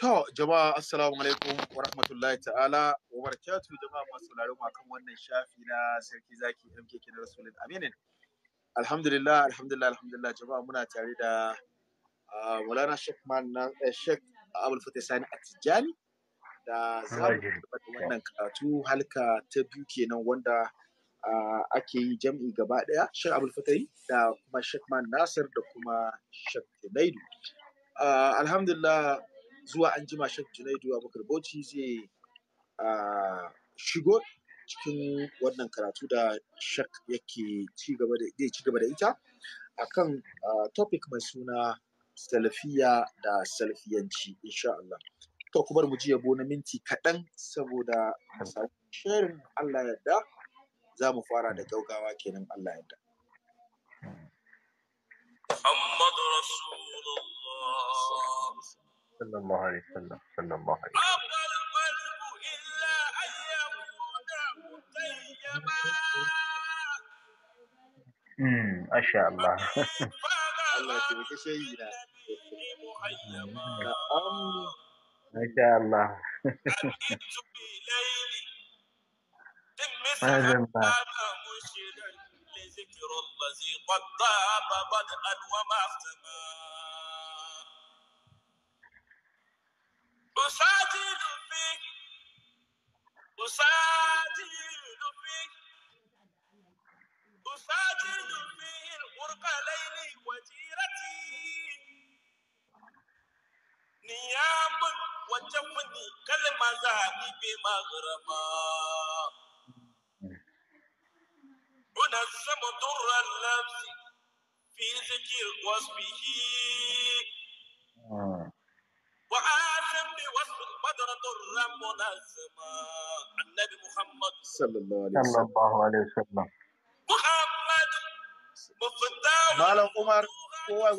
To jama'a assalamu alaikum wa rahmatullahi ta'ala wa barakatu jama'a masu sauraron mu kan wannan shafi na sarki zaki MKK na Rasulun Aminin. Alhamdulillah alhamdulillah alhamdulillah jama'a muna tare da Maulana Sheikh Mannan eh, Sheikh Abdul Fatih Sani Atijani da zamu wannan karatu halka ta biyu kenan wanda ake yi jam'i gaba daya Sheikh Abdul Fatih da kuma Sheikh Man Nasir da kuma Sheikh Tibaidu. Alhamdulillah zuwa an jima shek junaidu abubakar bauchi zai shigo cikin wannan karatu da shek yake ci gaba da ita akan topic mai suna salafiya da salafiyanci insha Allah to ku mu ji yabo na minti kaɗan saboda sharing Allah yadda za mu fara da gaugawa kenan Allah yadda محمد رسول الله صلى الله عليه وسلم صلى الله عليه وسلم امم ما شاء الله ما شاء الله ما شاء الله ما لذكر الله قد ضاب بدءا وما اختمى usati dubbi usati dubbi usati dubbi il qurqa layli wajirati niyamun wajen wani kalma za a ibe magharama una zama turan lafi fi zikir wasu bihi ah. وآثم بوصف بدرة الرم لازمة النبي محمد ya Malam Umar kowa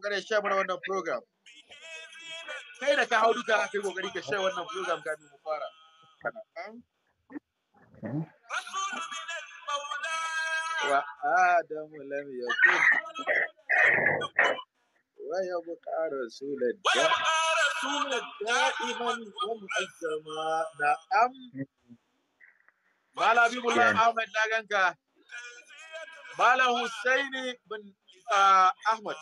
wannan program. kai da ka hau duka yi kokari ka share wannan program kafin mu fara wa adamu lam yakun wa ya yabqa rasulad rasulad da'iman wa mu'azzama na'am Bala Bibullah ahmed na ganka. Bala Hussaini bin ah, ahmed.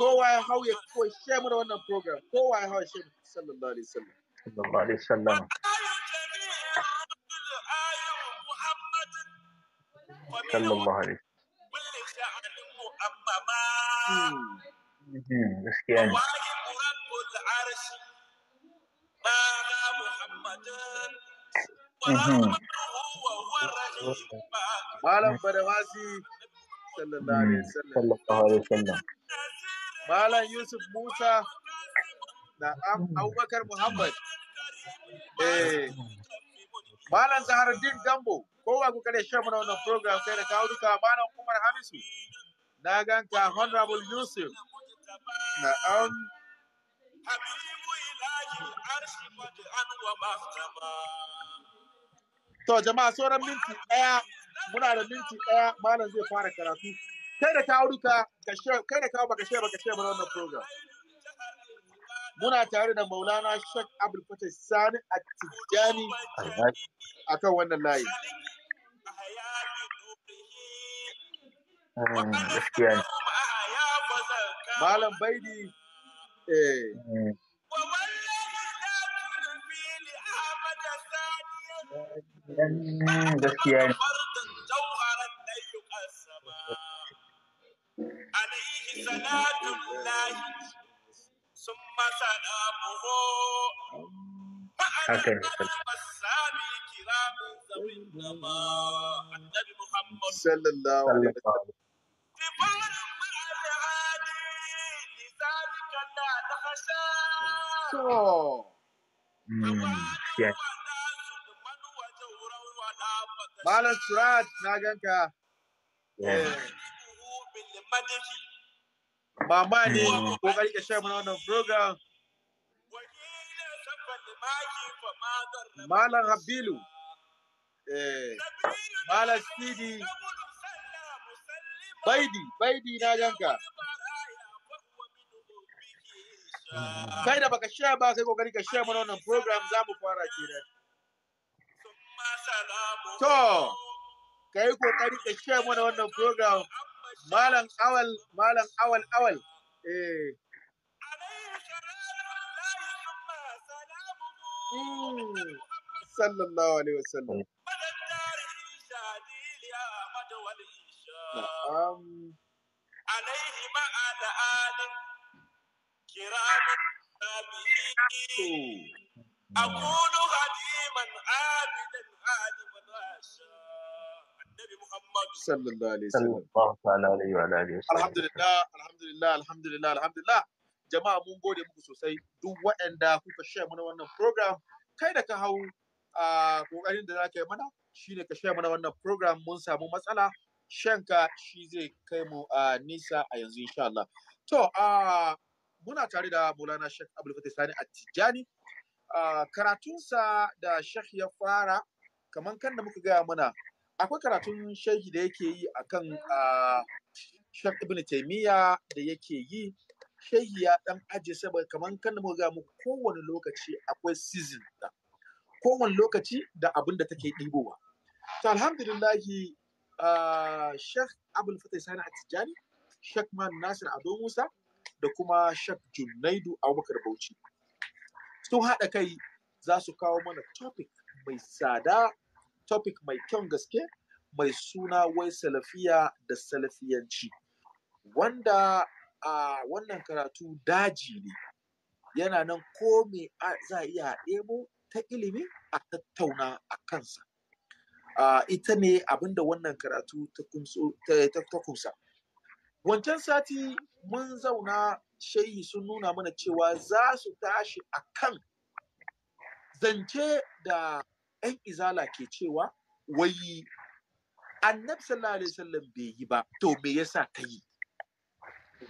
kowa ya hau ya koyi share mana wannan program kowa ya hau ya share sallallahu alaihi wasallam sallallahu alaihi wasallam sallallahu alaihi hmm. gaskiya Malam Yusuf Musa da Abubakar Muhammad. Eh. Malam Zaharuddin Gambo, kowa ku kare shan mana wannan program kai da kawo duka Malam Umar Hamisu. Na ganka Honorable Yusuf. am. To jama'a sauran minti ɗaya muna da minti ɗaya malam zai fara karatu kai da kawo duka ka share kai da kawo baka share baka share wannan program muna tare da Maulana Sheikh Abdul Fatah Sani a Tijjani akan wannan layi eh, Malam Baidi eh, eh gaskiya ne haka ne sallallahu alaihi Malam Surat, na ganka. mamani mm. kuangalika shamba wana vloga mala Rabilu eh, mala Sidi Baidi Baidi na janka kaida baka shaba kai kuangalika na naona program zamu fara kira to kai kuangalika na naona program مالا اول مالا اول اول إيه. صلى الله عليه وسلم نعم. عليه ما على آل كرام أقول هديما عابدا عالما راشا annabi Muhammad sallallahu alaihi wasallam. Alhamdulillah, alhamdulillah, alhamdulillah, alhamdulillah. Jama'a mun gode muku sosai duk waɗanda kuka share mana wannan program kai da ka hau a da zaka yi mana shine ka share mana wannan program mun samu matsala shanka shi zai kai mu a nisa a yanzu insha Allah. muna tare da Maulana Sheikh Abdul Fatih Sani Attijani karatunsa da Sheikh ya fara kaman kan da muka gaya mana akwai karatun shehi da yake yi a kan Shek Ibn Taimiyya da yake yi shehi ya dan aje saboda kamar kan mu ga mu kowane lokaci akwai season da kowane lokaci da abin da take ɗibowa. To alhamdulillahi Sheikh Abul Fatai Sani tijjani Sheikh Man Nasir Ado Musa da kuma Sheikh Junaidu Abubakar Bauchi. Sun haɗa kai za su kawo mana topic mai tsada topic mai kyan gaske mai suna wai salafiya da salafiyanci wanda a wannan karatu daji ne yana nan ko me za a iya ɗebo ta ilimi a tattauna a kansa ita ne abinda wannan karatu ta kusa wancan sati mun zauna shayi sun nuna mana cewa za su tashi a kan zance da 'yan izala ke cewa wai annabi sallallahu alaihi wasallam bai yi ba to me yasa ka yi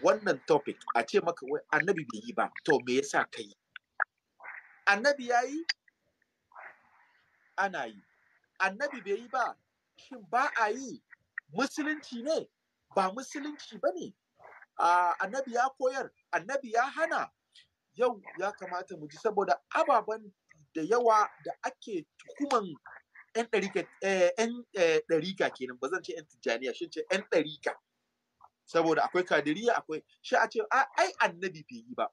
wannan topic a ce maka wai annabi bai yi ba to me yasa ka yi annabi ya yi ana yi annabi bai yi ba shin ba a yi musulunci ne ba musulunci ba ne annabi ya koyar annabi ya hana yau ya kamata mu ji saboda ababen da yawa da ake tuhuman 'yan ɗarika eh, eh, kenan ba zan ce 'yan tijjaniya shi ce 'yan ɗarika saboda akwai kadiriya akwai shi a ce ah, ai annabi bai yi ba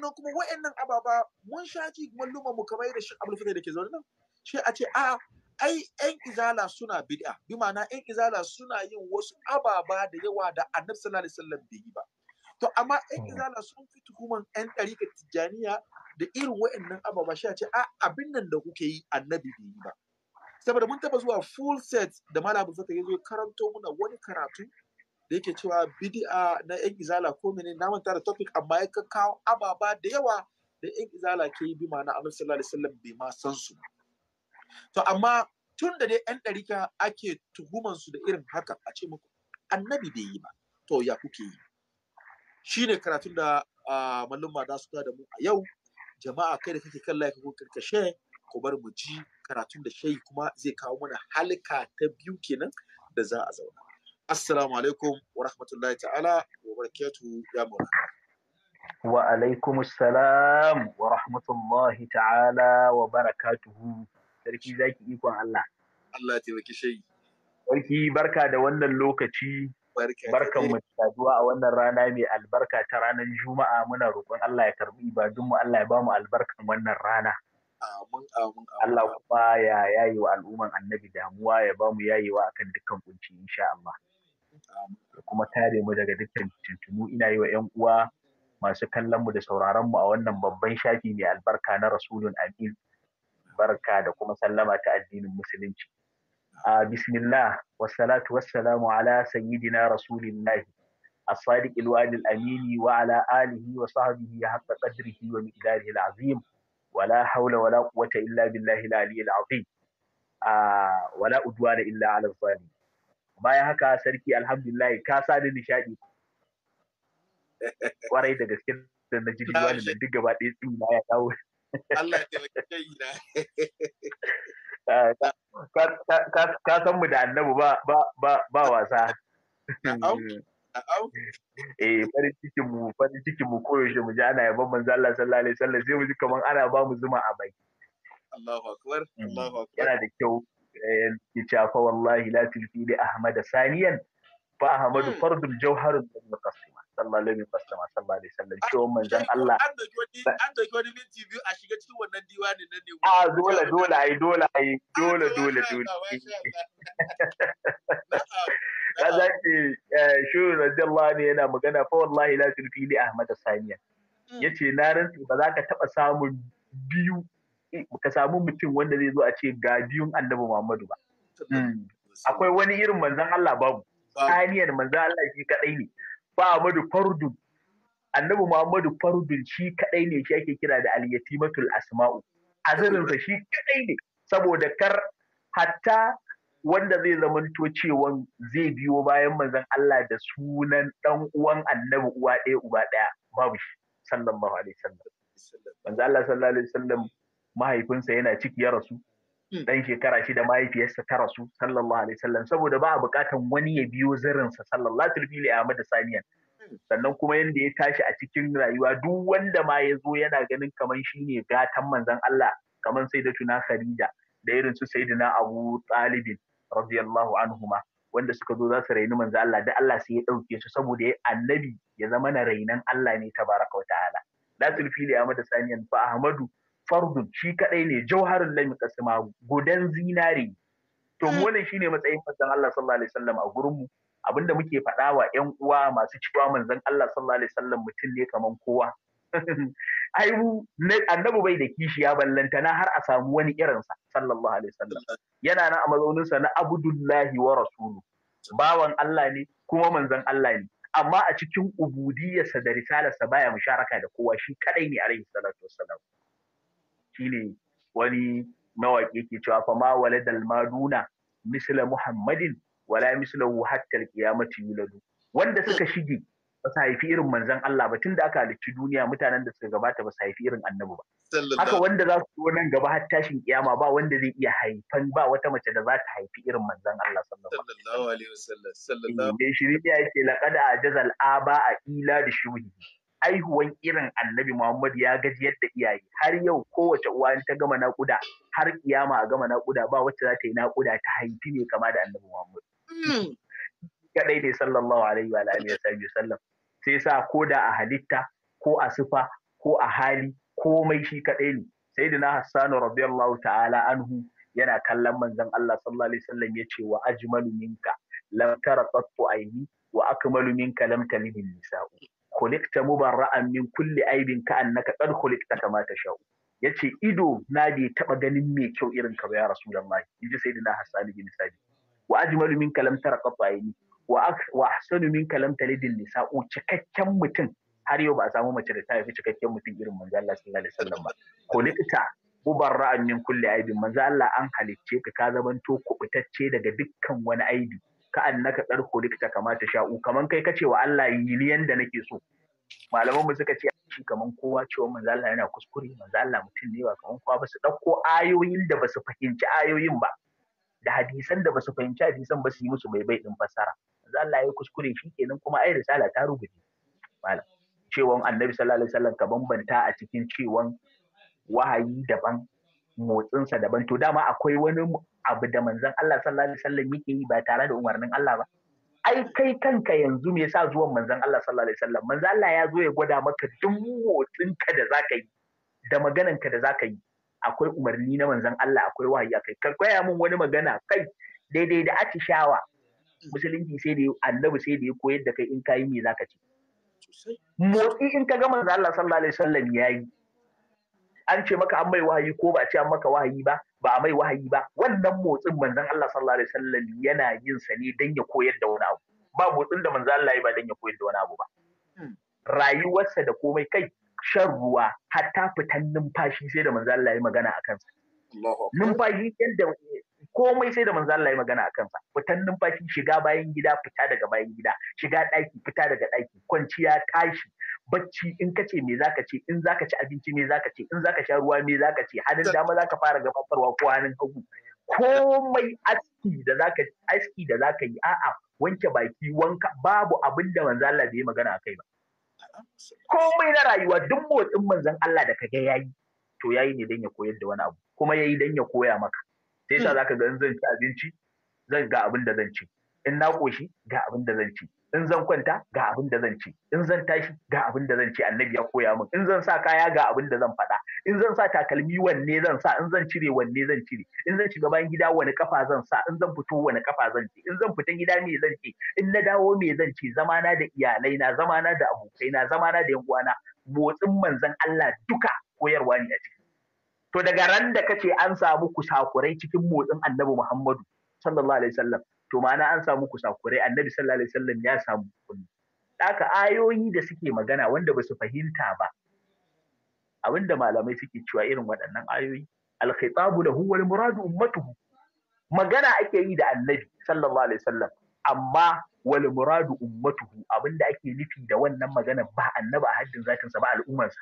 nan kuma nan ababa mun sha ji malluma mu kamar da shi abulfitai da ke zaune nan shi a ce a ai 'yan izala suna bid'a bi ma'ana 'yan izala suna yin wasu ababa da yawa da annabi sallallahu alaihi wasallam bai yi ba to amma yan izala sun fi tuhuman yan ɗarika tijjaniya da irin wa'annan ababa shi a ce a abin nan da kuke yi annabi bai yi ba saboda mun taba zuwa full set da malamin zata yazo karanto muna wani karatu da yake cewa bidi'a na yan izala ko mene na manta da topic amma ya kawo ababa da yawa da yan izala ke yi bi ma'ana amma sallallahu alaihi wasallam bai ma san su to amma tun da dai yan ɗarika ake tuhumar su da irin haka a ce muku annabi bai yi ba to ya kuke yi Shi ne karatun da malluma da su da mu a yau jama'a kai da kake kan like ko karkashe ko bar mu ji karatun da shayi kuma zai kawo mana halka ta biyu kenan da za a zauna assalamu alaikum wa rahmatullahi ta'ala wa barakatu ya Mura. wa alaikum assalam wa rahmatullahi ta'ala wa barakatuhu sarki zaki ikon Allah Allah ya taimaki shayi sarki barka da wannan lokaci mu da a wannan rana mai albarka ta ranar juma'a muna roƙon Allah ya karbi ibadunmu Allah ya bamu albarkan wannan rana amin amin Allah kuma ya yayi wa al'umman annabi damuwa ya bamu yayewa akan dukkan kunci insha Allah kuma tare mu daga dukkan tuntunu ina yi wa ƴan uwa masu kallon mu da sauraron mu a wannan babban shafi mai albarka na rasulun amin barka da kuma sallama ta addinin musulunci bismillah wassalatu wassalamu ala sayyidina rasulillahi الصادق الوعد الأمين وعلى آله وصحبه حق قدره ومقداره العظيم ولا حول ولا قوة إلا بالله العلي العظيم آه ولا أدوان إلا على الظالمين ما يهكا سركي الحمد لله كاسا نشادي kwarai da gaske da na jiri wani da duk gaba ɗaya tsina ya dawo Allah ya taimake ka san mu da annabu ba ba ba wasa eh farin cikin mu farin mu koyaushe mu ji ana yaban manzo Allah sallallahu alaihi wasallam sai mu ji kaman ana ba mu zuma a bai Allahu akbar mm, Allahu akbar yana da kyau ki eh, ce fa wallahi la tilfi li ahmad saniyan fa ahmadu hmm. fardul jawharul muqassima sallallahu alaihi wasallam sallallahu alaihi wasallam cewa manzon Allah an dauki wani minti biyu a shiga cikin wannan diwani na ne a dole dole ai dole ai ah, dole dole dole kaza ce eh, shuru radiyallahu anhu yana magana fa wallahi la tulfi li ahmad saniya hmm. yace na rantsi ba za ka taba samun biyu ka samu mutum wanda zai zo a ce ga biyun annabi Muhammadu ba hmm. akwai wani irin manzon Allah babu saniyar manzo Allah shi kadai ne ba Muhammadu fardun annabi Muhammadu fardun shi kadai ne shi ake kira da al-yatimatul asma'u sa shi kadai ne saboda kar hatta wanda zai zamanto cewa zai biyo bayan manzon Allah da sunan dan uwan annabi uwa ɗaya uba ɗaya babu shi sallallahu alaihi wasallam manzo Allah sallallahu alaihi wasallam mahaifinsa yana ciki ya rasu Hmm. dan shekara shida mahaifiyarsa ta rasu sallallahu alaihi wasallam saboda ba a bukatan wani ya biyo zirinsa sallallahu alaihi Ahmad saniyan hmm. sannan kuma yanda ya tashi a cikin rayuwa duk wanda ma ya zo yana ganin kaman shine gatan manzon Allah kaman sai da tuna Khadija da irin su sayyidina Abu Talib radiyallahu anhuma wanda suka zo za su raini manzon Allah da Allah sai ya dauke su saboda annabi ya zama na rainan Allah ne tabaraka wa ta'ala la tulfili Ahmad saniyan fa Ahmadu fardun shi kadai ne jauharin lami kasima gudan zinari to hmm. wannan shine matsayin manzon Allah sallallahu alaihi wasallam a gurin mu abinda muke faɗa wa ƴan uwa masu cewa manzon Allah sallallahu alaihi wasallam mutum ne kaman kowa ai mu annabi bai da kishi ya ballanta na har a samu wani irinsa sallallahu alaihi wasallam yana nan a mazauninsa na abdullahi wa rasulu bawan Allah ne kuma manzon Allah ne amma a cikin ubudiyarsa da risalarsa baya musharaka da kowa shi kadai ne alaihi salatu wassalam shine wani mawaƙi ke cewa fa ma dal maduna misla muhammadin wala mislahu hatta alqiyamati yuladu wanda suka shige ba su haifi irin manzon Allah ba tunda aka halicci duniya mutanen da suka gabata ba su haifi irin annabi ba haka wanda za su zo nan gaba har tashin kiyama ba wanda zai iya haifan ba wata mace da za ta haifi irin manzon Allah sallallahu alaihi wasallam sallallahu alaihi wasallam eh, shi ne ce laqad ajazal aba a ila da shuhi aihuwan irin annabi Muhammad ya gaji yadda iyaye har yau kowace uwa ta gama naƙuda har kiyama a gama naƙuda ba wacce za ta yi naƙuda ta haifi ne kama da annabi Muhammad. Mm. Kadai dai sallallahu alaihi wa alihi wa sallam sai sa ko da a halitta ko a sufa ko a hali komai shi kadai ne na Hassanu radiyallahu ta'ala anhu yana kallon manzon Allah sallallahu alaihi Sallam ya ce wa ajmalu minka lam tara qattu aini wa akmalu minka lam talid nisa'u Kulikta mubarra'an min kulli aibin ka annaka qad khuliqta kama tasha'u yace ido na bai taba ganin mai kyau irin ka ba ya rasulullahi inji sayyidina hasan bin sabi wa ajmalu minka lam tara qabaini wa wa ahsanu minka lam talidil nisa'u cikakken mutum har yau ba a samu mace da ta haifi cikakken mutum irin manzo Allah sallallahu alaihi wasallam ba khuliqta mubarra'an min kulli aibin manzo Allah an halicce ka ka zamanto kubutacce daga dukkan wani aibi Ka'an naka ɗar hulikta kama ta sha'u kaman kai kace wa Allah yi ni yanda nake so malaman mu suka ce shi kamar kowa cewa manzo Allah yana kuskure manzo Allah mutum ne ba kaman kowa ba su dauko ayoyin da ba su fahimci ayoyin ba da hadisan da ba su fahimci hadisan ba su yi musu baibai din fassara manzo Allah ya kuskure shi kenan kuma ai risala ta rubuce malam cewan annabi sallallahu alaihi wasallam ka bambanta a cikin cewan wahayi daban motsinsa daban to dama akwai wani abu da manzon Allah sallallahu alaihi wasallam yake yi ba tare da umarnin Allah ba ai kai kanka yanzu me yasa zuwan manzon Allah sallallahu alaihi wasallam manzon Allah ya zo ya gwada maka duk motsinka da zaka yi da maganarka da zaka yi akwai umarni na manzon Allah akwai wahayi akai ka koya min wani magana kai daidai da atishawa musulunci sai da annabi sai da ya koyar da kai in kayi me zaka ci motsi in ka ga Manzan Allah sallallahu alaihi wasallam yayi an ce maka an mai wahayi ko ba a ce an maka wahayi ba ba a mai wahayi ba wannan motsin manzon Allah sallallahu alaihi wasallam yana yin sa ne dan ya koyar da wani abu ba motsin da manzon Allah ya ba dan ya koyar da wani abu ba hmm. rayuwarsa da komai kai shan ruwa hatta fitan numfashi sai da manzon Allah ya magana a kansa numfashi yadda komai sai da manzon Allah ya magana a kansa fitan numfashi shiga bayan gida fita daga bayan gida shiga daki, fita daga daki, kwanciya tashi bacci in ka ce me ka ce in zaka ci abinci me za ka ce in zaka sha ruwa me za ka ce hannun dama za ka fara gabatarwa ko hannun hagu komai aski da zaka aski da yi a'a wanke baki wanka babu abin da manzo Allah bai magana kai ba komai na rayuwa duk motsin manzon Allah da ka kaga yayi to yayi ne dan ya koyar da wani abu kuma ya yi dan ya koya maka sai sa zaka ga in zan ci abinci zan ga abin da zan ci in na koshi ga abin da zan ci in zan kwanta ga abin da zan ci in zan tashi ga abin da zan ci annabi ya koya min in zan sa kaya ga abin da zan faɗa in zan sa takalmi wanne zan sa in zan cire wanne zan cire in zan shiga bayan gida wani kafa zan sa in zan fito wani kafa zan ci in zan fita gida me zan ci in na dawo me zan ci zamana da iyalai na zamana da abokai na zamana da yan uwana motsin manzon Allah duka koyarwa ne a ciki to daga ran da kace an samu kusakurai cikin motsin annabi Muhammadu sallallahu alaihi wasallam to ma'ana an samu kusakurai annabi sallallahu alaihi wasallam ya samu kunni haka ayoyi da suke magana wanda ba su fahimta ba abinda malamai suke cewa irin waɗannan ayoyi al-khitabu lahu wal muradu ummatuhu magana ake yi da annabi sallallahu alaihi wasallam amma wal muradu ummatuhu abinda ake nufi da wannan magana ba annabi a haddin zatin sa ba al'ummarsa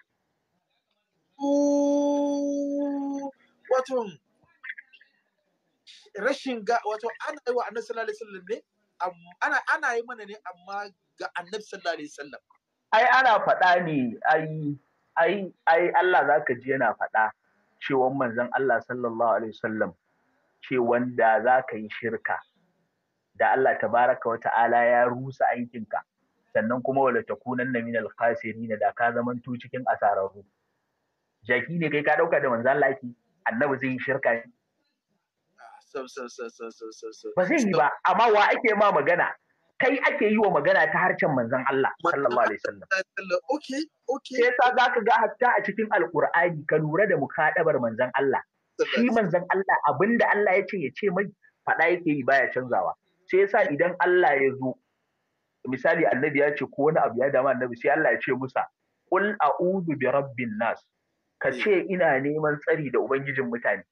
wato rashin ga wato ana yi wa annabi sallallahu alaihi wasallam ne ana ana yi mana ne amma ga annabi sallallahu alaihi wasallam ai ana faɗa ne ai ai ai Allah zaka ji yana faɗa cewa manzon Allah sallallahu alaihi wasallam ce wanda zaka yi shirka da Allah tabaraka wa ta'ala ya rusa aikinka sannan kuma wala takunanna minal khasirin da ka tu cikin asararru jaki ne kai ka dauka da manzon Allah ki annabi zai yi shirka ba zai yi ba amma wa ake ma magana kai ake yi wa magana ta harshen manzon Allah sallallahu alaihi wasallam okay okay sai sa zaka ga hatta a cikin alqur'ani ka lura da mukadabar manzon Allah shi manzon Allah abinda Allah ya ce ya ce mai faɗa yake yi baya canzawa sai yasa idan Allah ya zo misali annabi ya ce ko wani abu ya dama annabi sai Allah ya ce Musa qul a'udhu bi rabbin nas ka hmm. ce ina neman tsari da ubangijin mutane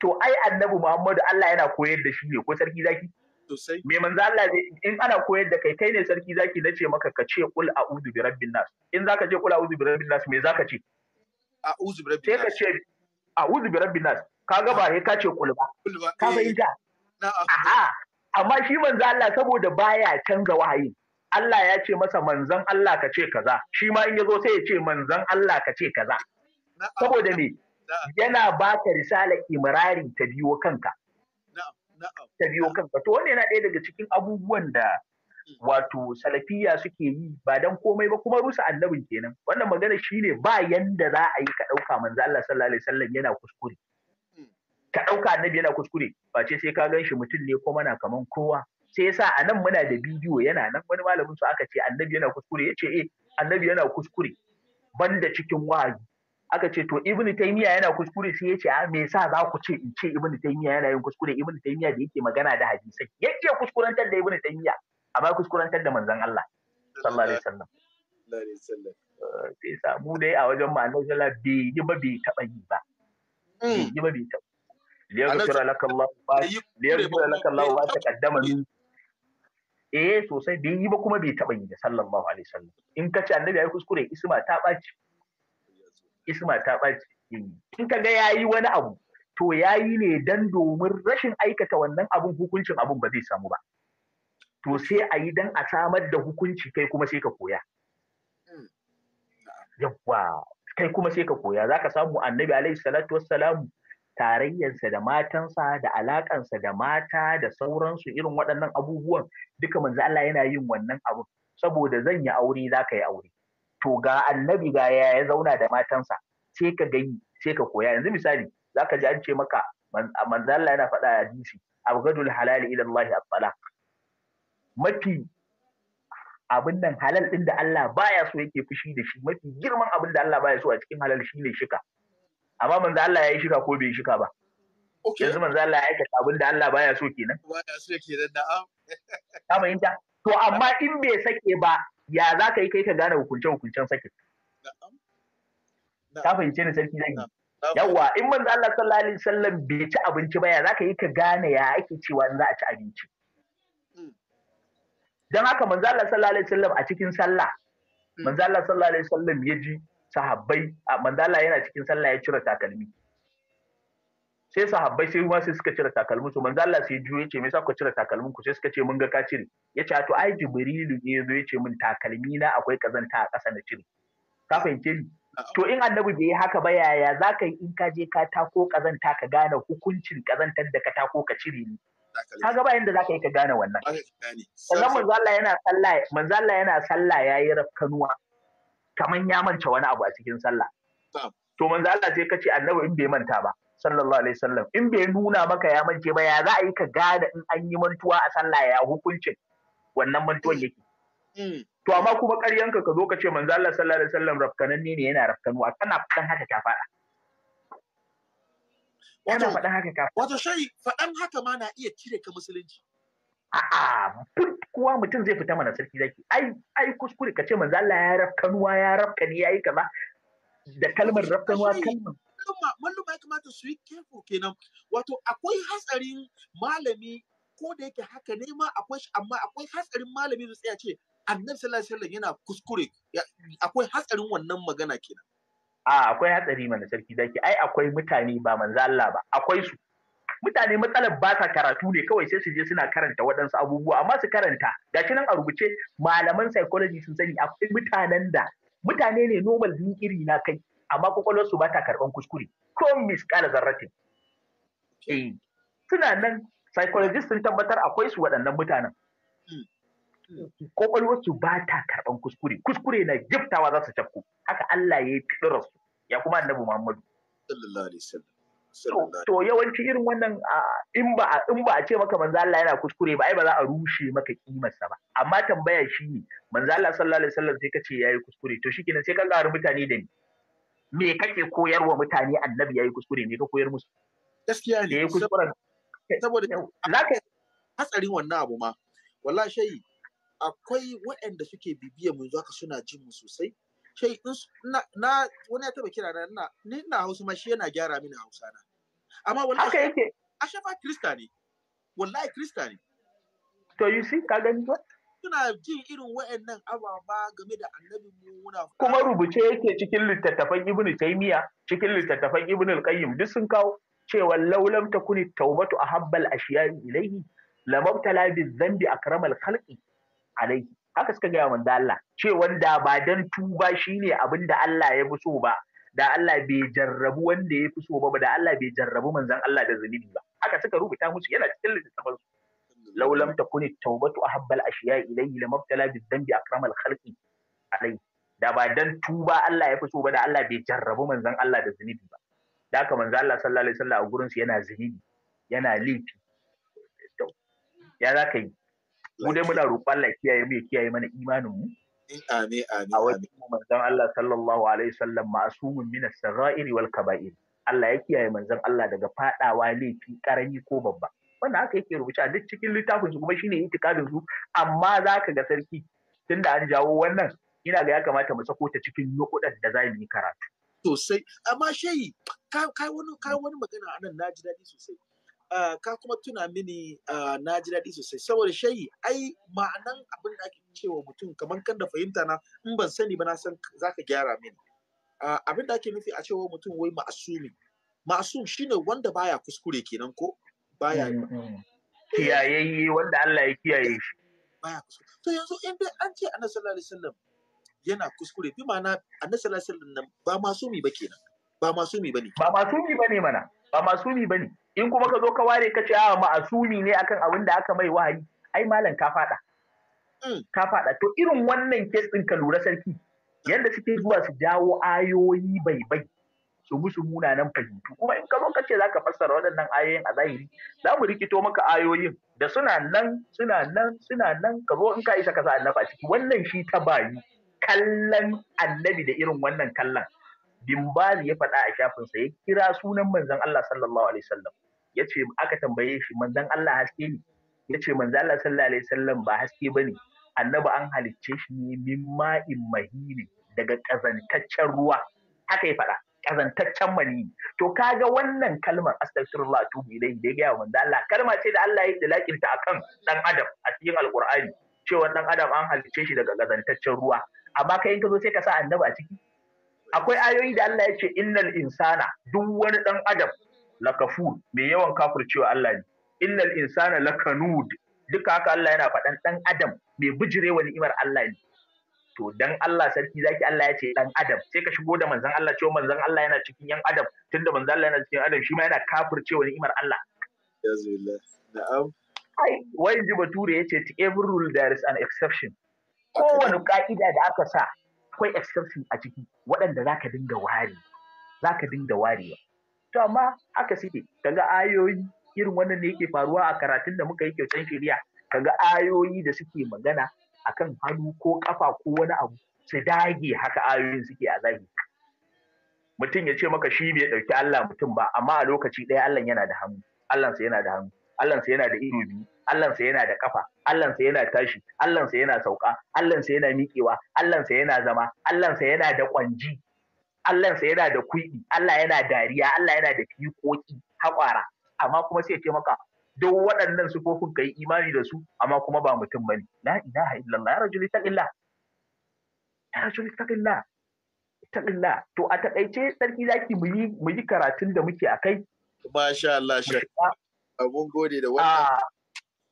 to ai annabi Muhammadu Allah yana koyar da shi ne ko sarki zaki sosai me manzo Allah in ana koyar da kai kai ne sarki zaki nace maka ka ce a a'udhu bi rabbin nas in zaka ce a a'udhu bi rabbin nas me zaka ce a'udhu bi rabbin nas sai ka ce a'udhu bi rabbin nas kaga ba sai ka ce kul ba ka eh. fahimta aha amma shi manzo Allah saboda baya canza wahayi Allah ya ce masa manzon Allah ka ce kaza shi ma in yazo sai ya ce manzon Allah ka ce kaza saboda me yana baka risalar imirari ta biyo kanka ta biyo kanka to wannan yana ɗaya daga cikin abubuwan da mm. wato salafiya suke yi ba dan komai ba kuma rusa annabin kenan wannan magana shi ne ba yanda za a yi ka ɗauka manzo Allah sallallahu alaihi wasallam yana kuskure mm. ka ɗauka annabi yana kuskure ba ce sai ka gan shi mutum ne kuma na kaman kowa sai yasa a nan muna da bidiyo yana nan wani malamin su aka ce annabi yana kuskure ya ce eh annabi yana kuskure banda cikin wa'azi aka ce to ibnu taymiya yana kuskure sai yace a ah, me yasa za ku ce in ce ibnu taymiya yana yin kuskure ibnu taymiya da yake magana da hadisai yake kuskurantar da ibnu taymiya amma kuskurantar da manzon Allah sallallahu alaihi wasallam sai sa mu dai a wajen mu annabi sallallahu alaihi wasallam bai yi ba bai taba yi ba hmm. bai yi ba bai taba liyaghfira laka lakallahu ba liyaghfira laka lakallahu ba ta kaddama min eh sosai bai yi ba kuma bai taba yi da sallallahu alaihi wasallam in ce annabi yayi kuskure isma ta baci isma ta ɓace in ka ga yayi wani abu to yayi ne dan domin rashin aikata wannan abun hukuncin abun ba zai samu ba to sai a yi dan a samar da hukunci kai kuma sai ka koya hmm. yawa kai kuma sai ka koya zaka samu annabi alaihi salatu wassalamu tarayyarsa da matansa da alakansa da mata da sauransu irin waɗannan abubuwan duka manzo Allah yana yin wannan abun saboda zan yi aure za ka yi aure to ga annabi ga ya ya zauna da matansa sai ka gani sai ka koya yanzu misali zaka ji an ce maka manzo Allah yana faɗa a hadisi abgadul halal ila Allah at-talaq mafi abin nan halal din da Allah baya so yake fushi da shi mafi girman abin da Allah baya so a cikin halal shine shika amma manzo Allah ya yi shika ko bai shika ba yanzu manzo Allah ya aikata abin da Allah baya so kenan baya so kenan da'a ka fahimta to amma in bai sake ba ya za ka yi kai ka gane hukunce hukuncen sakin ka fahimce ni sarki zan yawa in manzo Allah sallallahu alaihi wasallam bai ci abinci ba ya za ka yi ka gane ya ake cewa in za a ci abinci mm. dan haka manzo Allah sallallahu alaihi wasallam a cikin sallah mm. manzo Allah sallallahu alaihi wasallam ya ji sahabbai manzo Allah yana cikin sallah ya cire takalmi sai sahabbai sai ruwa sai suka cire takalmin su manzo Allah sai juyo yace me yasa ku cire takalmin ku sai suka ce mun ga ka cire yace to ai jibrilu ne yazo yace min takalmi na akwai kazanta a ƙasa na cire ka fahimce ni to in annabi bai haka ba yaya za ka yi in ka je ka tako kazanta ka gane hukuncin kazantar da ka tako ka cire ni Ka ga ba yanda za ka yi ka gane wannan sannan manzo Allah yana sallah manzo Allah yana sallah yayi rafkanuwa kaman ya manta wani abu a cikin sallah to manzo Allah sai ka ce annabi in bai manta ba sallallahu alaihi wasallam in bai nuna maka ya mance ba ya za a yi ka gane in an yi mantuwa a sallah ya hukuncin wannan mantuwan yake hmm. to amma kuma ƙaryanka ka zo ka ce manzo Allah sallallahu alaihi wasallam rafkanan ne yana rafkanuwa kana faɗan haka ka faɗa wato fadan haka ka wato shai faɗan haka ma na iya cire ka musulunci a'a kuwa mutum zai fita mana sarki zaki ai ai kuskure ka ce manzo Allah ya rafkanuwa ya rafkani yayi kaza da kalmar rafkanuwa kalmar malluma ya kamata su yi kefo kenan wato akwai hatsarin malami ko da yake haka ne ma akwai shi, amma akwai hatsarin malami da tsaya ce annabi sallallahu alaihi yana kuskure akwai hatsarin wannan magana kenan a akwai hatsari mana sarki zaki ai akwai mutane ba manzo Allah ba akwai su mutane matsalar ba sa karatu ne kawai sai su je suna karanta waɗansu abubuwa amma su karanta shi nan a rubuce malaman psychology sun sani akwai mutanen da mutane ne normal din na kai amma kwakwalwarsu ba ta karɓan kuskure ko miskala zarratin hmm. suna nan psychologist sun tabbatar akwai su waɗannan mutanen hmm. Hmm. kwakwalwarsu ba ta karɓan kuskure kuskure na giftawa za su cafku haka Allah ya yi su ya kuma annabi Muhammadu to yawanci irin wannan in ba in ba a ce maka manzo Allah yana kuskure ba ai ba za a rushe maka kimarsa ba amma tambaya shi manzo Allah sallallahu alaihi wasallam sai ka ce yayi kuskure to shikenan sai ka ga mutane da ni me kake koyarwa mutane annabi yi kuskure me ka koyar musu gaskiya ne saboda zaka hatsarin wannan abu ma wallahi shayi akwai waɗanda suke bibiyar mu ka suna jin mu sosai shai na wani ya taba kira na ni na hausa ma shi yana gyara mini hausa na amma wallahi haka yake ashafa krista ne wallahi krista ne to you see ka gani ba suna jin irin wa'annan ababa game da annabi mu muna kuma rubuce yake cikin littattafan ibnu taymiya cikin littattafan ibnu al-qayyim duk sun kawo cewa laulam kuni taubatu ahabbal ashiya'i ilayhi lamabtala dhanbi akramal khalqi alayhi haka suka gaya manzo Allah cewa da ba dan tuba shine abinda Allah ya fi so ba da Allah bai jarrabu wanda ya fi so ba da Allah bai jarrabu manzon Allah da zunubi ba haka suka rubuta musu yana cikin littattafan law lam takun at-tawbatu ahabba al-ashiya ilayhi lamabtala bid-dhanbi akram al-khalqi alayhi da ba dan tuba Allah ya fi so ba da Allah bai jarrabu manzon Allah da zunubi ba da haka manzon Allah sallallahu alaihi wasallam a gurin su yana zunubi yana laifi ya za ka yi mu dai muna roƙon Allah kiyaye mu ya kiyaye mana imanin mu amin amin a wajen manzon Allah sallallahu alaihi wasallam ma'sumun min as-sagha'iri wal kaba'ir Allah ya kiyaye manzon Allah daga fadawa laifi karami ko babba wanda aka yake rubuce a duk cikin littafin su kuma shine itikadin su amma za ka ga sarki tunda an jawo wannan ina ga ya kamata mu sako ta cikin lokutan da za mu yi karatu sosai amma shehi kai wani kai wani magana anan na ji daɗi sosai ah, ka kuma tuna mini ah, na ji daɗi sosai saboda shayi ai ma'anan abin da ake cewa mutum kamar kan da fahimta na in ban sani ba na san zaka gyara mini ah, abin da ake nufi a cewa mutum wai ma'asumi ma'asum shine wanda baya kuskure kenan ko baya mm, mm. yi wanda Allah ya kiyaye shi baya kuskure to yanzu in dai an ce annabi sallallahu alaihi wasallam yana kuskure bi ma'ana annabi sallallahu alaihi wasallam ba masumi ba kenan ba masumi bane ba masumi bane ba masumi bane in kuma ka zo ka ware ka ce ma'asumi ne akan abin da aka mai wahayi ai malam ka fada mm. ka fada to irin wannan kes ɗin ka lura sarki yanda suke zuwa su jawo ayoyi bai bai su musu munanan fahimtu kuma in ka zo ka ce za ka fassara waɗannan ayoyin a zahiri za mu rikito maka ayoyin da suna nan suna nan suna nan ka zo in ka isa ka sa annaba ciki wannan shi ta bayu, kallon annabi da irin wannan kallon bimbali ya faɗa a shafinsa ya kira sunan manzon Allah sallallahu alaihi wasallam ya ce aka tambaye shi manzon Allah haske ne ya ce manzon Allah sallallahu alaihi wasallam ba haske bane annabi an halicce shi ne min ma'in mahili daga ƙazantaccen ruwa haka ya faɗa Ƙazantaccen mani to kaga wannan kalmar astaghfirullah tubu ilaihi da ya gaya wa manzo Allah kalma ce da Allah ya yi a kan ɗan adam a cikin alqur'ani cewa ɗan adam an halice shi daga ƙazantaccen ruwa amma kai in ka zo sai ka sa annabi a ciki akwai ayoyi da Allah ya ce innal insana duk wani ɗan adam lakafu mai yawan cewa Allah ne innal insana lakanud duka haka Allah yana faɗan ɗan adam mai bijirewa ni'imar Allah ne to dan Allah sarki zaki Allah ya ce dan adam sai ka shigo da manzon Allah cewa manzon Allah yana cikin yan adam tunda manzon Allah yana cikin adam shi ma yana cewa ni'imar Allah na'am ai wai ji bature yace to every rule there is an exception kowane ka'ida da aka sa akwai exception a ciki waɗanda zaka dinga ware zaka dinga warewa to amma haka suke kaga ayoyi irin wannan ne yake faruwa a karatun da muka yi kyautan shari'a kaga ayoyi da suke magana akan hannu ko kafa ko wani abu su dage haka ayoyin suke a zahiri mutum ya ce maka shi bai ɗauki Allah mutum ba amma a lokaci ɗaya Allah yana da hannu sa yana da hannu sa yana da ido biyu sa yana da kafa sa yana tashi sa yana sauka sa yana miƙewa sa yana zama Allahnsa yana da ƙwanji sa yana da kuɗi Allah yana dariya Allah yana da fiƙoƙi haƙwara amma kuma sai ya ce maka duk waɗannan sufofin kai imani da su amma kuma ba mutum bane la ilaha illallah ya rajul taqilla ya rajul taqilla taqilla to a takaice sarki zaki mu yi mu yi karatun da muke akai masha Allah shi abun gode da wannan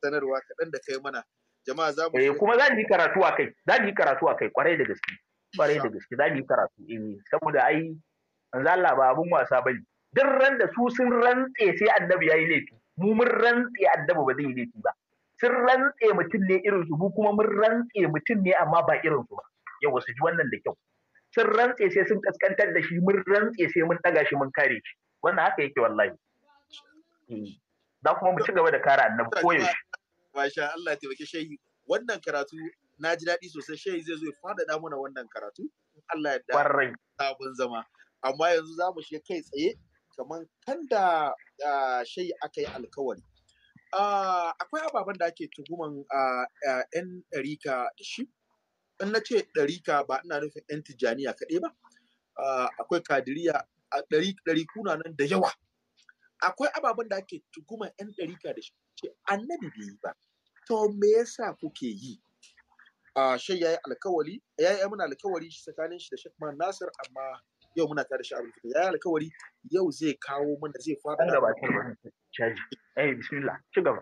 sanarwa kaɗan da kai mana jama'a za mu eh kuma za yi karatu akai kai. yi karatu akai kwarai da gaske kwarai da gaske za yi karatu eh saboda ai manzo Allah ba abun wasa bane duk ran da su sun rantse sai annabi yayi laifi mu mun rantse addabu ba zai yi laifi ba sun rantse mutum ne irin su mu kuma mun rantse mutum ne amma ba irin su ba yawa su ji wannan da kyau sun rantse sai sun kaskantar da shi mun rantse sai mun daga shi mun kare shi wannan haka yake wallahi za hmm. kuma mu ci gaba da kare annabi koyaushe masha Allah ya taimake shehi wannan karatu na ji daɗi sosai shehi zai zo ya faɗaɗa mana wannan karatu Allah ya da sabon zama amma yanzu za mu shi kai tsaye kamar kan da shai aka yi alkawari ah, akwai ababen da ake tuhuman yan ah, ah, ɗarika da shi in na ce ɗarika ba ina nufin yan tijaniya kaɗai ba akwai kadiriya ɗari na nan da yawa akwai ababen da ake tuhuman yan ɗarika da shi ce annabi bai yi ba to me yasa kuke yi shai ya yi alkawari ya yi alkawari tsakanin shi da shekman nasir amma yau muna tare da sha'abul fitr ya alkawari yau zai kawo mana zai fada da bakin caji eh bismillah ci gaba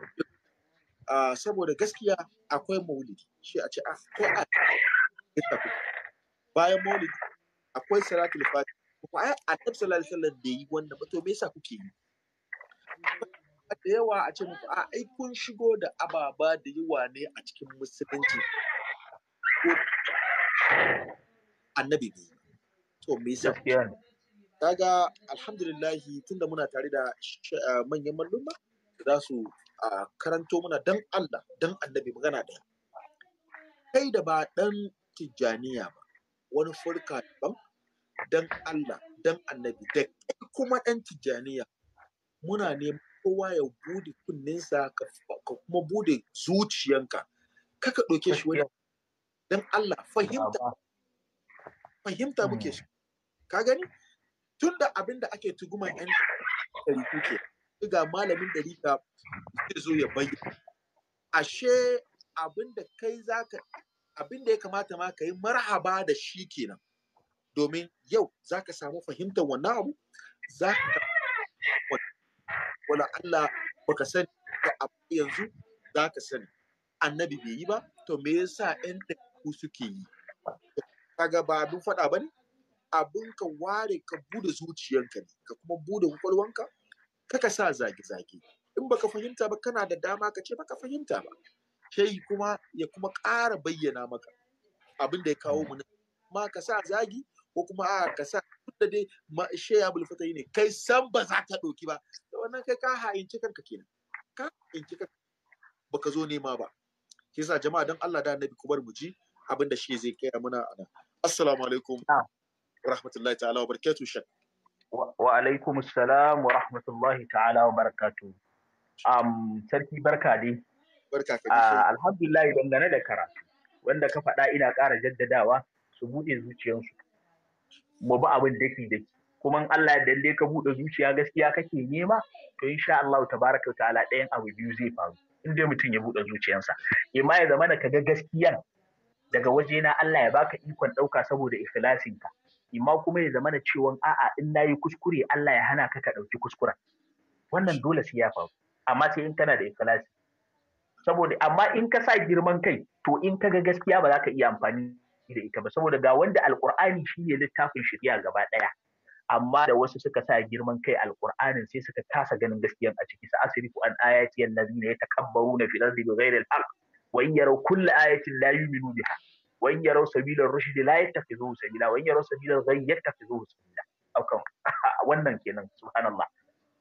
a saboda gaskiya akwai maulidi shi a ce a ah, ko a bayan maulidi akwai salatul fati ko ai annabi sallallahu alaihi wasallam da yi wannan ba to me yasa kuke yi da yawa a ce muku a ah, ai kun shigo da ababa da yawa ne a cikin musulunci annabi bai to me yasa kaga alhamdulillahi tunda muna tare da eh, manyan malluma za su karanto muna dan Allah dan annabi magana ɗaya kai da ba dan tijjaniya ba wani furka daban dan Allah dan annabi da kuma dan tijjaniya muna neman kowa ya bude kunninsa ka kuma bude zuciyanka kaka ɗauke shi wani dan Allah fahimta fahimta muke hmm. shi ka gani Tunda da abin da ake tuguman yan ɗariku ke ga malamin ɗarika zai zo ya bayyana ashe abin da kai zaka abin ya kamata ma ka yi marhaba da shi kenan domin yau za ka samu fahimtar wannan abu za ka wala Allah baka sani da abu yanzu za ka sani annabi bai yi ba to me yasa 'yan ku suke yi kaga ba abin faɗa ba ne Abin ka ware ka bude zuciyanka ne ka kuma bude kwakwalwanka kaka sa zage-zage in baka fahimta ba kana da dama ka ce baka fahimta ba kai kuma ya kuma ƙara bayyana maka abin da ya kawo mu ma ka sa zagi ko kuma a ka sa da dai ma she ya bulfata ne kai san ba za ka ɗauki ba to wannan kai ka ha'inci kanka kenan ka ha'inci kanka baka zo nema ba kisa sa jama'a dan Allah da annabi kubar mu ji abin da shi zai kai mana ana assalamu alaikum rahmatullahi الله تعالى وبركاته wa السلام ورحمة wa تعالى وبركاته wa barakatuhu بركة sarki barka dai barka ka uh, da karatu wanda ka faɗa ina ƙara jaddadawa su buɗe zuciyarsu mu abun daki daki kuma Allah ya dalle ka buɗe zuciya gaskiya kake nema to insha Allah tabaraka ta'ala ɗayan abu biyu zai faru inda mutum ya buɗe zuciyarsa imma ya zamana ka ga gaskiyan daga wajena Allah ya baka ikon ɗauka saboda ikhlasinka imma kuma ya zama da cewa a'a in na yi kuskure Allah ya hana ka ka ɗauki kuskuren wannan dole sai ya faru amma sai in kana da ikhlasi saboda amma in ka sa girman kai to in ka ga gaskiya ba za ka iya amfani da ita ba saboda ga wanda alqur'ani shine littafin shari'a gaba ɗaya amma da wasu suka sa girman kai alqur'anin sai suka kasa ganin gaskiyan a ciki sa asrifu an ayati allazina yatakabbaruna fil ardi bighayri al-haqq wa in yaraw kulla ayatin la yu'minu biha wa in yaraw sabilar rushdi la yattakhidhuhu sabila wa in yaraw sabilar ghayy sabila wannan kenan subhanallah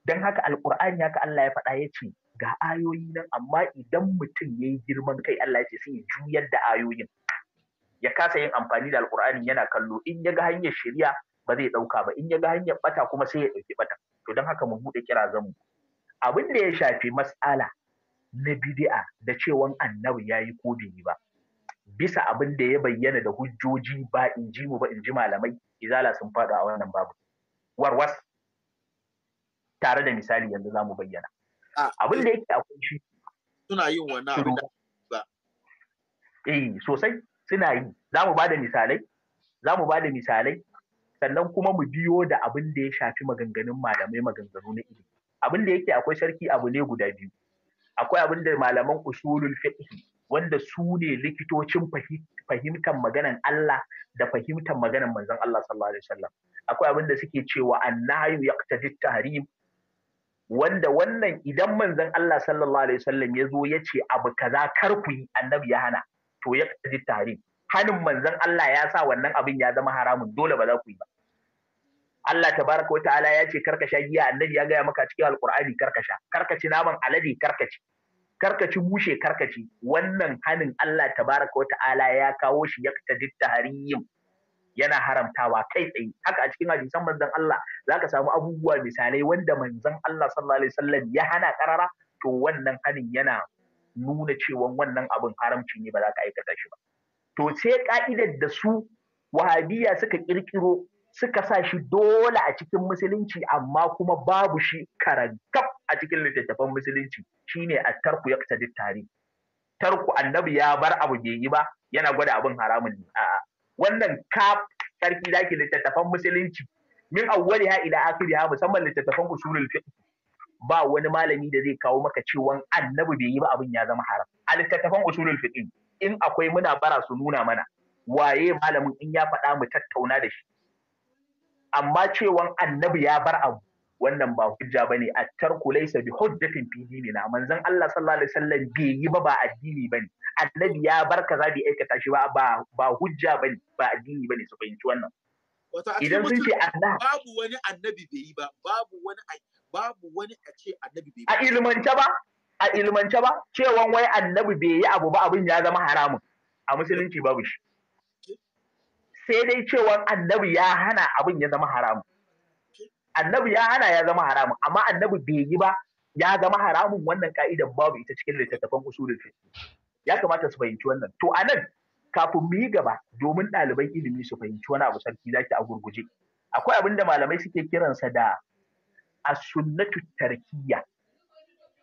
dan haka ya haka Allah ya faɗa ya ce ga ayoyi nan amma idan mutum yayi girman kai Allah ya ce sai ya juyar da ayoyin ya kasa yin amfani da alqur'ani yana kallo in ya ga hanyar shari'a ba zai ɗauka ba in ya ga hanyar ɓata kuma sai ya ɗauki ɓata to don haka mu buɗe kirazanmu abin da ya shafi mas'ala na bidi'a da cewan annabi ya yi ko bai yi ba bisa abin da ya bayyana da hujjoji ba in ji mu ba in ji malamai izala sun faɗo a wannan babu warwas tare da misali yanzu za mu bayyana ah, eh. abin da yake akwai shi suna yin wannan abin da ba eh sosai suna yi za mu ba da misalai za mu ba da misalai sannan kuma mu biyo da abin da ya shafi maganganun malamai maganganu na ilimi abin da yake akwai sarki abu ne guda biyu akwai abin da malaman usulul fiqh wanda su ne likitocin fahimtar maganan Allah da fahimtar maganan manzon Allah sallallahu alaihi wasallam akwai abin da suke cewa annahu yaqtadi tahrim wanda wannan idan manzon Allah sallallahu alaihi wasallam ya zo ya ce abu kaza kar ku yi annabi ya hana to yaqtadi tahrim hanin manzon Allah ya sa wannan abin ya zama haramun dole ba za ku yi ba Allah tabaraka wa ta'ala ya ce karkasha giya annabi ya gaya maka cikin alqur'ani karkasha karkaci naman alade karkaci karkaci bushe karkaci wannan hanin Allah tabaraka wa ta'ala ya kawo shi ya tajid tahariyim yana haramtawa kai tsaye haka a cikin hadisan manzon Allah zaka samu abubuwa misalai wanda manzon Allah sallallahu alaihi wasallam ya hana karara to wannan hanin yana nuna cewa wannan abin haramci ne ba za ka aikata shi ba to sai ka'idar da su wahabiya suka kirkiro suka sa shi dole a cikin musulunci amma kuma babu shi karankaf a cikin littattafan musulunci shine a tarku ya kusa tare tarku annabi ya bar abu bai yi ba yana gwada abin haramun ne a'a wannan kaf sarki zaki littattafan musulunci min awwali ha ila ha musamman littattafan usulul fiqh ba wani malami da zai kawo maka cewa annabi bai yi ba abin ya zama haram a littattafan usulul fiqh in akwai muna bara su nuna mana waye malamin in ya faɗa mu tattauna da shi amma cewan annabi ya bar abu wannan ba hujja bane a tarku laisa bi hujjatin fi na manzon Allah sallallahu alaihi wasallam bai yi ba ba addini bane annabi ya bar kaza bai aikata shi ba ba hujja bane ba addini bane su fahimci wannan idan sun ce Allah babu wani annabi bai yi ba babu wani babu wani a ce annabi bai yi a ilmance ba a ilmance ba cewan wai annabi bai yi abu ba abin ya zama haramun a musulunci babu shi sai dai cewan annabi ya hana abin ya zama haramu. annabi ya hana ya zama haramun amma annabi bai yi ba ya zama haramun wannan ka'idan babu ita cikin littattafan usulul fiqh ya kamata su fahimci wannan to anan kafin mu yi gaba domin ɗaliban ilimi su fahimci wani abu sarki zaki a gurguje akwai abin da malamai suke kiransa da A sunnatu tarkiyya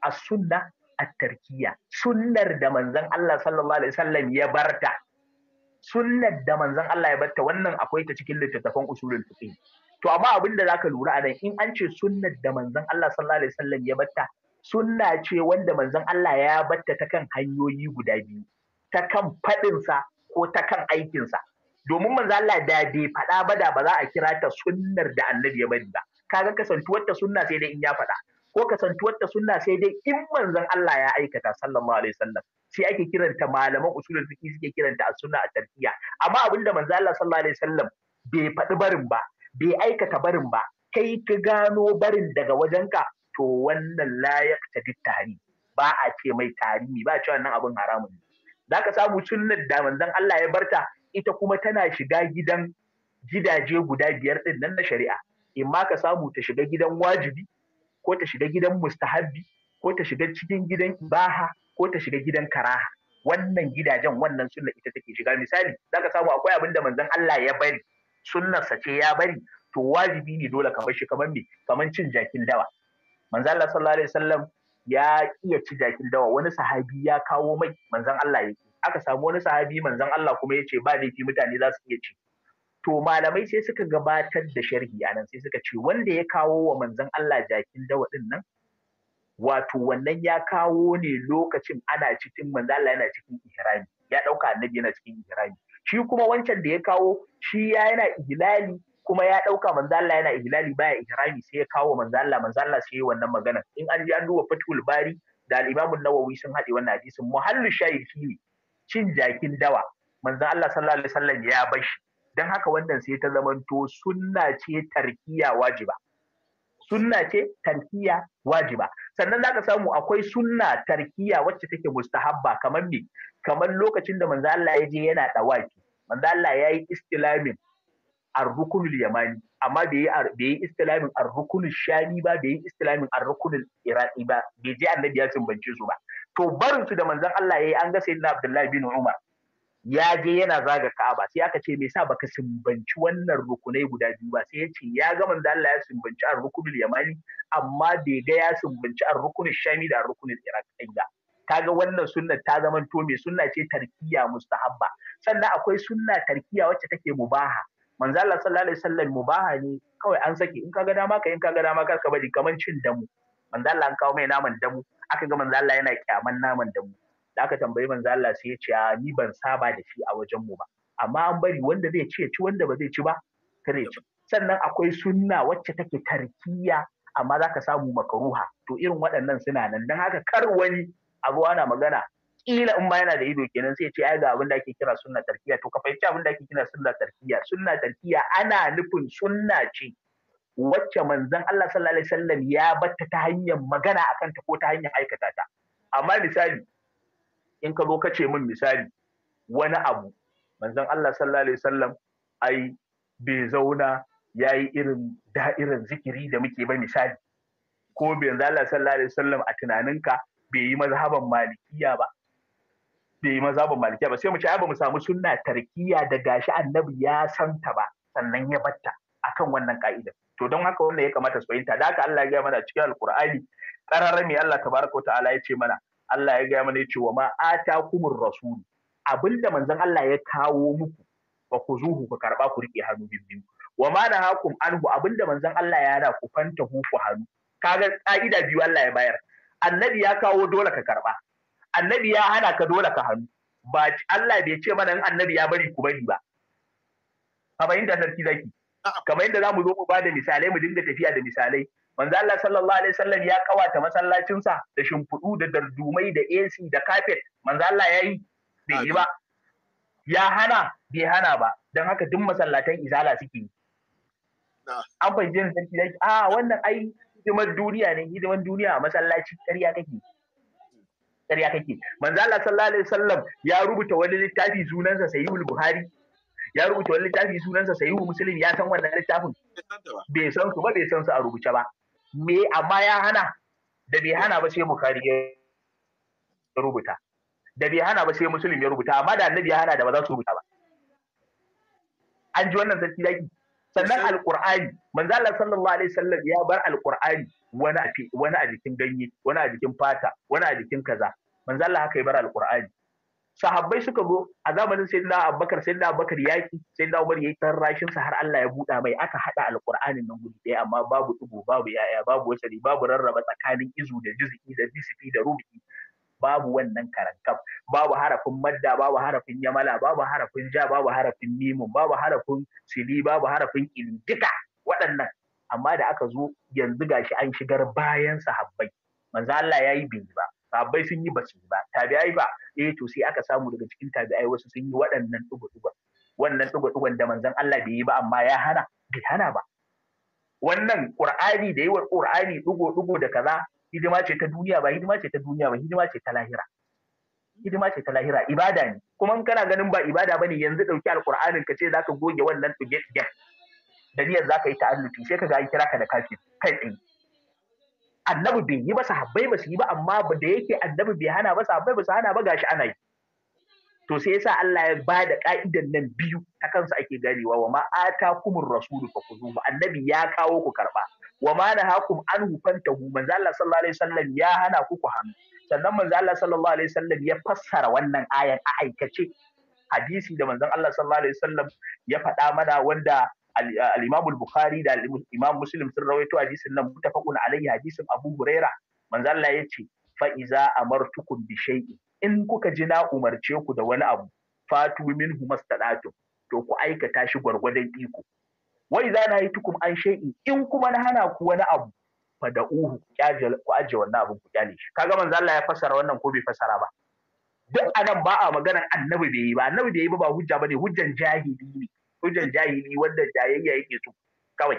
a sunna at-tarkiyya sunnar da manzon Allah sallallahu alaihi wasallam ya barta sunnar da manzon Allah ya batta wannan akwai ta cikin littattafan usulul fiqh to amma abin da zaka lura anan in an ce sunnar da manzon Allah sallallahu alaihi wasallam ya batta sunna ce wanda manzon Allah ya batta ta kan hanyoyi guda biyu ta kan sa ko ta kan aikinsa domin manzo Allah da bai faɗa ba da ba za a kira ta sunnar da annabi ya bari ba kaga kasantuwar ta sunna sai dai in ya faɗa ko kasantuwar ta sunna sai dai in manzon Allah ya aikata sallallahu alaihi wasallam sai ake kiranta malaman usulul fiqh suke kiranta a sunna a tarkiya amma abinda manzon Allah sallallahu alaihi wasallam bai faɗi barin ba bai aikata barin ba kai ka gano barin daga wajenka to wannan layak ta tari ba a ce mai tarihi ba a ce wannan abin haramun ne za ka samu sunnar da manzon Allah ya barta ita kuma tana shiga gidan gidaje guda biyar din nan na shari'a in ma ka samu ta shiga gidan wajibi ko ta shiga gidan mustahabbi ko ta shiga cikin gidan ibaha ko ta shiga gidan karaha wannan gidajen wannan sunna ita take shiga misali zaka samu akwai abin da manzon Allah ya bari sunnar sa ce ya bari to wajibi ne dole ka bar shi kamar me kamar cin jakin dawa manzon Allah sallallahu alaihi wasallam ya iya ci jakin dawa wani sahabi ya kawo mai manzon Allah ya aka samu wani sahabi manzon Allah kuma ya ce ba laifi mutane za su iya ci to malamai sai suka gabatar da sharhi a nan sai suka ce wanda ya kawo wa manzon Allah jakin dawa din nan wato wannan ya kawo ne lokacin ana cikin manzon Allah yana cikin ihrami ya dauka annabi yana cikin ihrami shi kuma wancan da ya kawo shi ya yana ihlali kuma ya dauka manzon Allah yana ihlali baya ihrami sai ya kawo manzon Allah manzon Allah sai wannan magana in an ji an duba fatul Bari da al-Imam an-Nawawi sun haɗe wannan hadisin muhallu shayi cin jakin dawa manzon Allah sallallahu alaihi wasallam ya bashi don haka wannan sai ta zamanto sunna ce tarkiya wajiba sunna ce tarkiya wajiba sannan zaka samu akwai sunna tarkiya wacce take mustahabba kamar me kamar lokacin da manzo Allah ya je yana dawaki manzo Allah yayi istilamin ar-rukunul yamani amma bai yi istilamin ar-rukunul Shani ba bai yi istilamin ar-rukunul iraqi ba bai je annabi ya bance su ba to barin su da manzon Allah yayi an ga sayyidina Abdullahi bin Umar ya je yana zaga Ka'aba sai aka ce me yasa baka sumbanci wannan rukunai guda biyu ba sai ya ce ya ga manzo Allah ya sumbanci ar-rukunul yamani amma bai ga ya sumbanci ar-rukunul shami da ar-rukunul iraqi ba kaga wannan sunna ta zama to me sunna ce tarkiya mustahabba sannan akwai sunna tarkiya wacce take mubaha manzo Allah sallallahu alaihi wasallam mubaha ne kawai an saki in kaga dama ka in kaga dama ka bari kaman cin damu manzo Allah an kawo mai naman damu aka ga manzo Allah yana kyaman naman damu da aka tambayi manzo Allah sai ya ce ni ban saba da shi a wajen mu ba amma an bari wanda zai ci ya ci wanda ba zai ci ba kare ci sannan akwai sunna wacce take tarkiya amma zaka samu makaruha to irin waɗannan suna nan dan haka kar wani abu ana magana kila in ba yana da ido kenan sai ce ai ga abin da ake kira sunna tarkiya to ka fahimci abin da ake kira sunna tarkiya sunna tarkiya ana nufin sunna ce wacce manzon Allah sallallahu alaihi wasallam ya batta ta hanyar magana akan ta ko ta hanyar aikata ta amma misali in ka zo ka ce min misali wani abu manzon Allah sallallahu alaihi wasallam ai bai zauna ya yi irin da'irin zikiri da muke ba misali ko bai manzon Allah sallallahu alaihi wasallam a tunaninka bai yi mazhaban malikiya ba bai yi mazhaban malikiya ba sai mu ce ai ba mu samu sunna tarkiya da gashi annabi ya santa ba sannan ya batta akan wannan ka'idar to don haka wannan ya kamata su fahimta da haka Allah ya gaya mana cikin alkur'ani ƙararra me Allah tabaraka wa ta'ala ya ce mana Allah ya gaya mana cewa wa ata kumur rasul abinda manzon Allah ya kawo muku ba ku zuhu ku karba ku rike hannu biyu wa ma hakum anhu abinda manzon Allah ya hana ku fanta ku hannu kaga ka'ida biyu Allah ya bayar annabi ya kawo dole ka karba annabi ya hana ka dole ka hannu ba Allah bai ce mana in annabi ya bari ku bari ba bayin da sarki zaki kamar inda zamu zo mu bada misalai mu dinga tafiya da misalai manzo Allah sallallahu alaihi wasallam ya kawata masallacinsa da shimfudu, da dardumai da AC da carpet manzo Allah ya yi bai yi ba ya hana bai hana ba don haka duk masallatan izala suke yi an fahimci ne sarki da a wannan ai hidimar duniya ne hidimar duniya a masallaci ƙarya kake ƙarya kake manzo Allah sallallahu alaihi wasallam ya rubuta wani littafi sunansa Sahihul Buhari ya rubuta wani littafi sunansa Sahihul Muslim ya san wannan littafin bai san su ba bai san su a rubuce ba me amma ya hana da bai hana ba sai bukari ya rubuta da bai hana ba sai musulmi ya rubuta amma da annabi ya hana da ba za su rubuta ba an ji wannan sarki zaki sannan alqur'ani manzo Allah sallallahu alaihi wasallam ya bar alqur'ani wani a wani a jikin ganye wani a jikin fata wani a jikin kaza manzo Allah haka ya bar alqur'ani sahabbai suka zo a zamanin da abubakar da abubakar sai da umar yayi tarrashin sa har Allah ya buɗa mai aka hada alqur'anin nan guri ɗaya amma babu tubu babu yaya babu wasari babu rarraba tsakanin izu da juz'i da bisfi da rubi babu wannan karankaf babu harafin madda babu harafin yamala babu harafin ja babu harafin mimun babu harafin sili babu harafin ilin duka waɗannan amma da aka zo yanzu gashi an shigar bayan sahabbai manzo Allah yayi bai ba Babbai sun yi ba su ba tabi'ai ba eh to sai aka samu daga cikin tabi'ai wasu sun yi waɗannan ɗugu-ɗugun wannan ɗugu-ɗugun da manzon Allah bai yi ba amma ya hana bai hana ba wannan qur'ani da yawan qur'ani ɗugu-ɗugu da kaza hidima ce ta duniya ba hidima ce ta duniya ba hidima ce ta lahira hidima ce ta lahira ibada ne kuma in kana ganin ba ibada bane yanzu ɗauki alqur'anin ka ce zaka goge wannan ɗuge-ɗugen da niyyar zaka yi ta'alluti, sai ka ga an kira ka da kafin kai tsaye annabi bai yi ba sahabbai ba su yi ba amma da yake annabi bai hana ba sahabbai ba su hana ba gashi ana yi to sai yasa Allah ya ba da ka'idan nan biyu ta kansu ake ganewa wa ma kumur rasulu fa kuzu annabi ya kawo ku karba wa ma nahakum anhu fantahu manzo Allah sallallahu alaihi wasallam ya hana ku ku hannu sannan manzo Allah sallallahu alaihi wasallam ya fassara wannan ayan a aikace hadisi da manzon Allah sallallahu alaihi wasallam ya faɗa mana wanda Uh, al-Imam al-Bukhari da al-Imam Muslim sun rawaito hadisin nan mutafaqun alayhi hadisin Abu Huraira manzo Allah yace fa iza amartukum bi shay'in in kuka ji na umarce ku da wani abu fatu minhu mastadatu to ku aikata shi gwargwadon iko wa iza nahaytukum an shay'in in kuma na hana ku wani abu fa da'uhu ku aje wannan abu ku kyale shi kaga manzo Allah ya fassara wannan ko bai fassara ba duk anan ba a maganar annabi bai yi ba annabi bai yi ba ba hujja bane hujjan jahili ne hujjan jahili wanda jayayya yake so kawai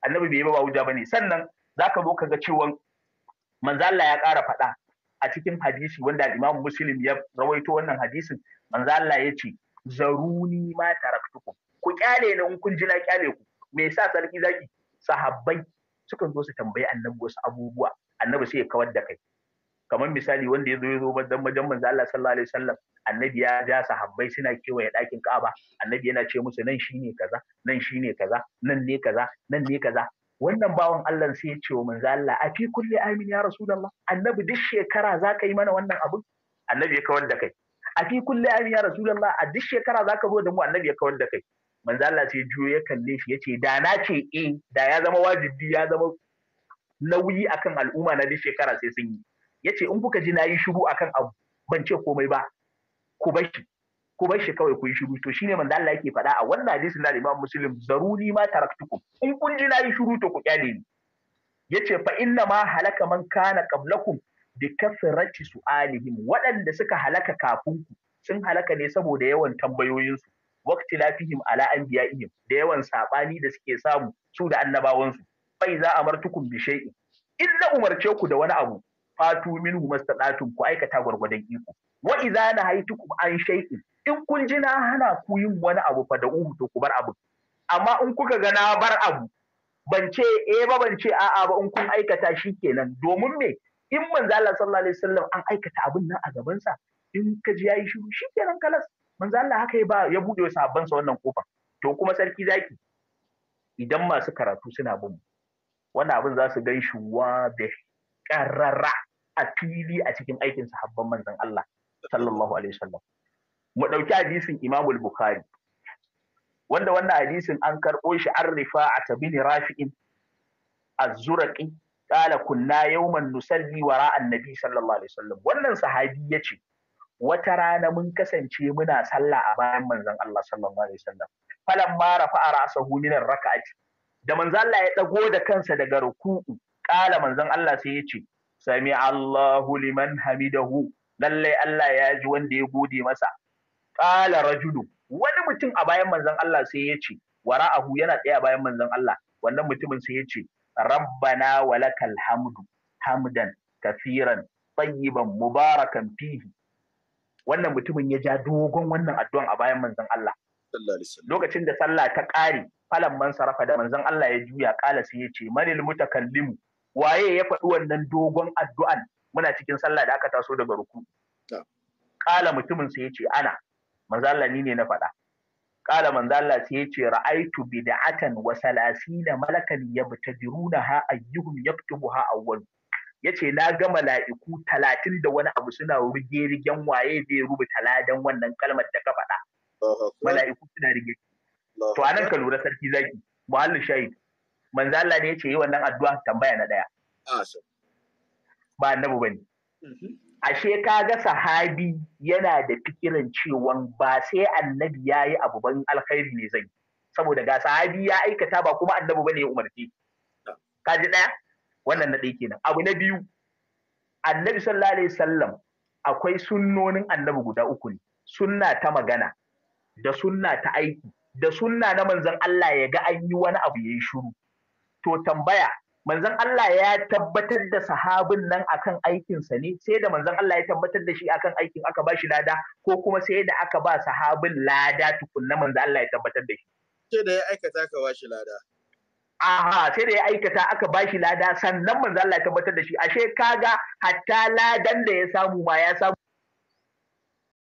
annabi bai yi ba hujja bane sannan zaka zo kaga cewa manzo Allah ya ƙara faɗa a cikin hadisi wanda Imam Muslim ya rawaito wannan hadisin manzo Allah ya ce zaruni ma taraktukum ku kyale ni in kun ji na kyale ku me yasa sarki zaki sahabbai sukan zo su tambayi annabi wasu abubuwa annabi sai ya kawar da kai kamar misali wanda ya zo ya zo dan wajen manzo Allah sallallahu alaihi wasallam annabi ya ja sahabbai suna kewaye ɗakin Ka'aba annabi yana ce musu nan shine kaza nan shine kaza nan ne kaza nan ne kaza wannan bawan Allah sai ya ce wa manzo Allah a fi kulli amin ya rasulullah annabi duk shekara za ka yi mana wannan abu annabi ya kawar da kai a fi kulli amin ya rasulullah a duk shekara za ka zo da mu annabi ya kawar da kai manzo Allah sai juyo ya kalle shi ce. da na ce eh da ya zama wajibi ya zama nauyi akan al'umma na duk shekara sai sun yi Ya ce, in kuka ji na yi shiru akan abu ban ce komai ba ku bar shi ku bar shi kawai ku yi shiru to shine manzo Allah yake faɗa a wannan hadisi na Imam Muslim zaruni ma taraktukum in kun ji na yi shiru to ku kyale ni yace fa inna ma halaka man kana qablakum bi kasrati su'alihim waɗanda suka halaka kafin ku sun halaka ne saboda yawan tambayoyinsu waqti lafihim ala anbiya'ihim da yawan sabani da suke samu su da annabawansu fa iza amartukum bi shay'in in na umarce ku da wani abu fatu hu mastata'tum ku aikata gwargwadon iko wa idza nahaytukum an shay'in in kun ji na hana ku yin wani abu fa da uhu to ku bar abu amma in kuka ga na bar abu ban ce eh ba ban ce a'a ba in kun aikata shikenan domin me in manzo Allah sallallahu alaihi wasallam an aikata abin nan a gaban sa in ka ji yayi shiru shikenan kalas manzo Allah haka ya ba ya bude wa sa wannan kofa to kuma sarki zaki idan masu karatu suna bin wannan abin za su gan shi wa da a fili a cikin aikin sahabban manzon Allah sallallahu alaihi wasallam mu dauki hadisin Imam bukhari wanda wannan hadisin an karbo shi an rifa'ata bin rafi'in az-zurqi qala kunna yawman nusalli wara annabi sallallahu alaihi wasallam wannan sahabi yace wata rana mun kasance muna sallah a bayan manzon Allah sallallahu alaihi wasallam falan ma rafa'a ra'sahu min ar-rak'ati da manzon Allah ya dago da kansa daga ruku'u kala manzon Allah sai ya ce sami Allahu liman hamidahu lallai Allah ya ji wanda ya gode masa qala rajulu wani mutum a bayan manzon Allah sai ya ce wara'ahu yana tsaya bayan manzon Allah wannan mutumin sai ya ce rabbana walakal hamdu hamdan kafiran tayyiban mubarakan fihi wannan mutumin ya ja dogon wannan addu'an a bayan manzon Allah lokacin da sallah ta kare falan man sarafa da manzon Allah ya juya kala sai ya ce manil mutakallimu waye ya faɗi wannan dogon addu'an muna cikin sallah da aka taso daga ruku kala mutumin sai yace ana Manzala ni ne na faɗa kala manzo sai yace ra'aitu bid'atan wa salasina malakan yabtadirunaha ayyuhum yaktubuha awwal yace na ga mala'iku talatin da wani abu suna rige rigen waye zai rubuta ladan wannan kalmar da ka faɗa mala'iku suna rige to anan ka lura sarki zaki muhallin shahid manzo Allah ne yace yi wannan addu'a tambaya na daya ah, ba annabi bane mm-hmm. ashe ka ga sahabi yana da fikirin cewa ba sai annabi ya yi abu ban alkhairi ne zai saboda ga sahabi ya aikata ba kuma annabi bane ya umarci ah. ka ji daya wannan na ɗaya kenan abu na biyu annabi sallallahu alaihi wasallam akwai sunnonin annabi guda uku ne sunna ta magana da sunna ta aiki da sunna na manzon Allah ya ga an yi wani abu yayi shiru to tambaya manzon Allah ya tabbatar da sahabin nan akan aikinsa ne sai da manzon Allah ya tabbatar da shi akan aikin aka ba shi lada ko kuma sai da aka ba sahabin lada tukunna manzon Allah ya tabbatar da shi sai da ya aikata aka ba shi lada aha sai da ya aikata aka ba shi lada sannan manzon Allah ya tabbatar da shi ashe kaga hatta ladan da ya samu ma ya samu